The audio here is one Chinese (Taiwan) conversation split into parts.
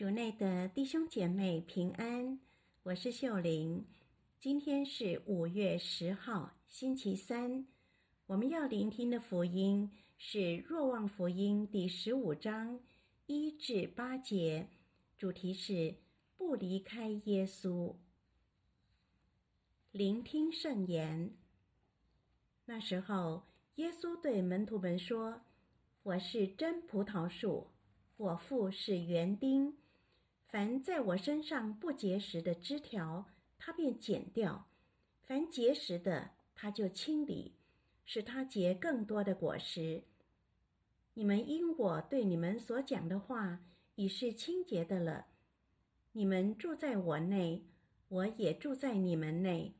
主內的弟兄姐妹平安，我是秀玲。今天是五月十號，星期三。我們要聆聽的福音是《若望福音》第十五章一至八節，主題是“不離開耶穌”。聆聽聖言。那時候，耶穌對門徒們說：“我是真葡萄樹，我父是園丁。”凡在我身上不結實的枝條，他便剪掉；凡結實的，他就清理，使它結更多的果實。你們因我對你們所講的話，已是清潔的了。你們住在我內，我也住在你們內。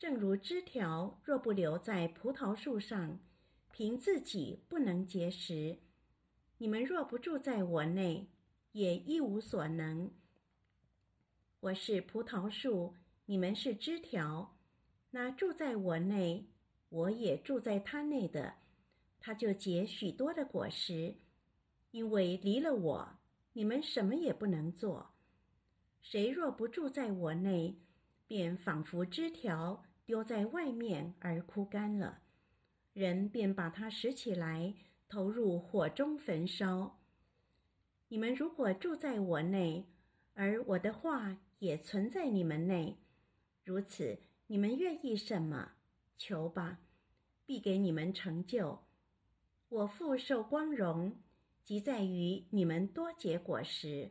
正如枝條若不留在葡萄樹上，憑自己不能結實；你們若不住在我內，也一無所能。我是葡萄樹，你們是枝條。那住在我內，我也住在他內的，他就結許多的果實。因為離了我，你們什麼也不能做。誰若不住在我內，便仿佛枝條丟在外面而枯乾了。人便把它拾起來，投入火中焚燒。你們如果住在我內，而我的話也存在你們內，如此你們願意什麼，求吧，必給你們成就。我父受光榮，即在於你們多結果實，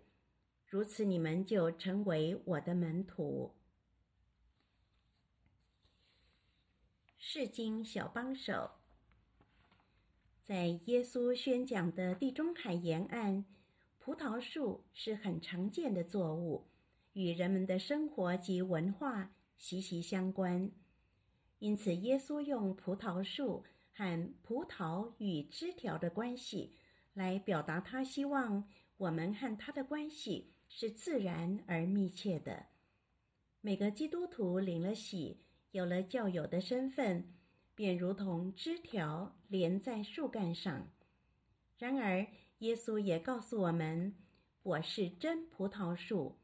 如此你們就成為我的門徒。聖經小幫手，在耶穌宣講的地中海沿岸。葡萄樹是很常見的作物，與人們的生活及文化息息相關。因此，耶穌用葡萄樹和葡萄與枝條的關係，來表達他希望我們和他的關係是自然而密切的。每個基督徒領了洗，有了教友的身份，便如同枝條連在樹幹上。然而，耶穌也告訴我們：“我是真葡萄樹，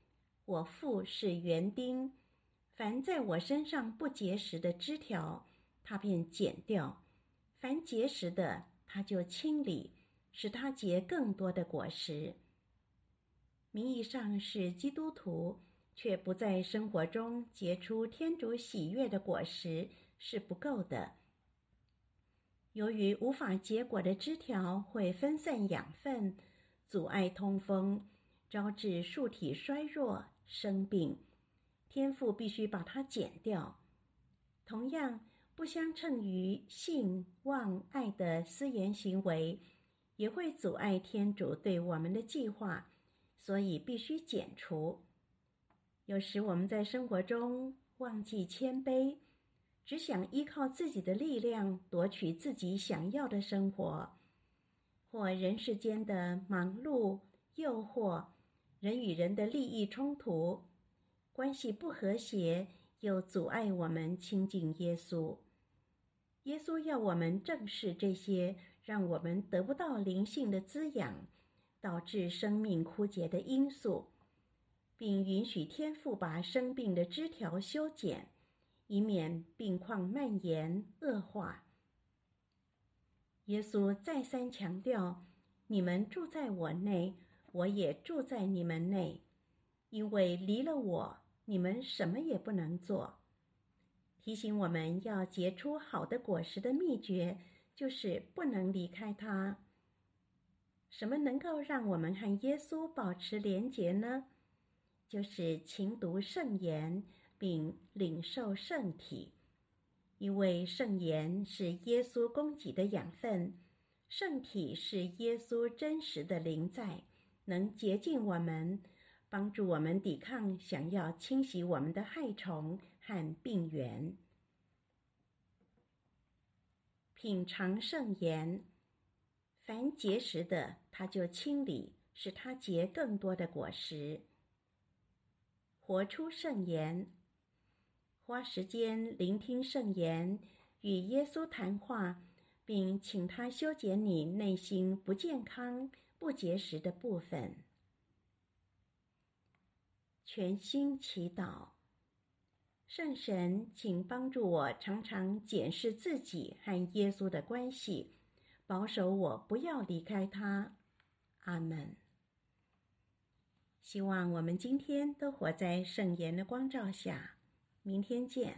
我父是園丁。凡在我身上不結實的枝條，他便剪掉；凡結實的，他就清理，使他結更多的果實。”名義上是基督徒，卻不在生活中結出天主喜悅的果實是不夠的。由於無法結果的枝條會分散養分，阻礙通風，招致樹體衰弱生病，天父必須把它剪掉。同樣，不相稱於信、望、愛的思言行為，也會阻礙天主對我們的計劃，所以必須剪除。有時我們在生活中忘記謙卑。只想依靠自己的力量奪取自己想要的生活，或人世間的忙碌誘惑，人與人的利益衝突，關係不和諧，又阻礙我們親近耶穌。耶穌要我們正視這些讓我們得不到靈性的滋養，導致生命枯竭的因素，並允許天父把生病的枝條修剪。以免病況蔓延惡化。耶穌再三強調：“你們住在我內，我也住在你們內，因為離了我，你們什麼也不能做。”提醒我們要結出好的果實的秘訣，就是不能離開他。什麼能夠讓我們和耶穌保持連結呢？就是勤讀聖言。並領受聖體，因為聖言是耶穌供給的養分，聖體是耶穌真實的臨在，能潔淨我們，幫助我們抵抗想要清洗我們的害蟲和病原。品嘗聖言，凡結實的，它就清理，使它結更多的果實。活出聖言。花時間聆聽聖言，與耶穌談話，並請他修剪你內心不健康、不結實的部分。全心祈禱，聖神，請幫助我常常檢視自己和耶穌的關係，保守我不要離開他。阿門。希望我們今天都活在聖言的光照下。明天見。